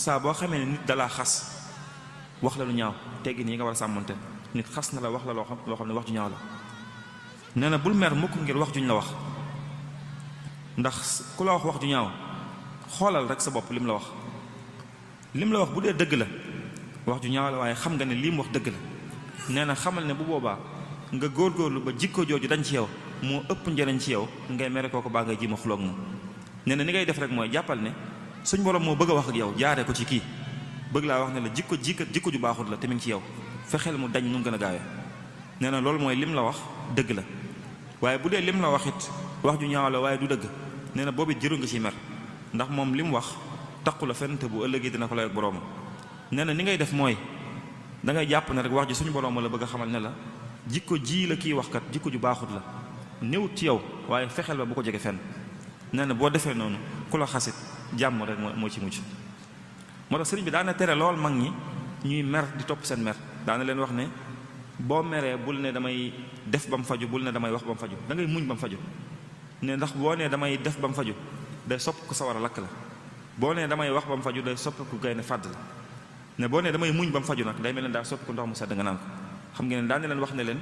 sa bo xamé ne nit dalaa xas wax la lu ñaaw teggin ni nga wara samonté nit xas na la wax la lo xam lo xamné wax ju ñaaw la néna bul mer mukk ngir wax juñ la wax ndax ku la wax wax ju ñaaw xolal rek sa bop lim la wax lim la wax bu dé dëgg la wax ju ñaaw la waye xam nga ne lim wax dëgg la néna xamal ne bu boba nga gor gor lu ba jikko joju dañ ci yow mo ëpp njëriñ ci yow ngay mere kooku ba nga jima xlok mo néna ni ngay def rek moy jàppal ne suñ borom moo bëgg a wax ak yow jaaree ko ci kii bëgg laa wax ne la jikko jikko jikko ju baaxul la te mi ci yow fexeel mu dañ nu gën a gaawee nee na loolu mooy lim la wax dëgg la waaye bu dee lim la wax it wax ju ñaaw la waaye du dëgg nee na boobu jëru nga ci mer ndax moom li mu wax taqu la fenn ëllëgee dina ko lay ak boroomam nee na ni ngay def mooy da ngay jàpp ne rek wax ji suñu boroom la bëgg xamal ne la jikko ji la kii waxkat jikko ju baaxut la néewut ci yow waaye fexeel ba bu ko jege fenn nee na boo defee noonu ku la xasit moo ci mujj moo tax bi daana tere lool mag ñi ñuy mer di topp seen mer daana leen wax ne boo meree bul ne damay def ba mu faju bul ne damay wax ba mu faju muñ ba mu ne ndax boo nee damay def ba mu faju day sopp ko sawar a lakk la boo nee damay wax ba mu faju day sopp ku gaynde fàdd la ne boo nee damay muñ ba mu faju nag day mel ne daa sopp ku ndox mu sedd nga naan ko xam ngeen ne daana leen wax ne leen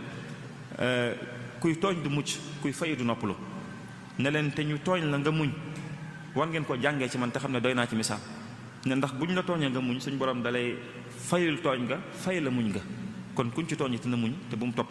eh, kuy tooñ du mucc kuy fayu du noppalu ne leen te ñu tooñ la nga muñ war ngeen ko jàngee ci man te xam ne doy naa ci misaal ne ndax buñ la tooñee nga muñ suñu borom dalay fayul tooñ nga fay la muñ nga kon kuñ ci tooñ te na muñ te bu mu topp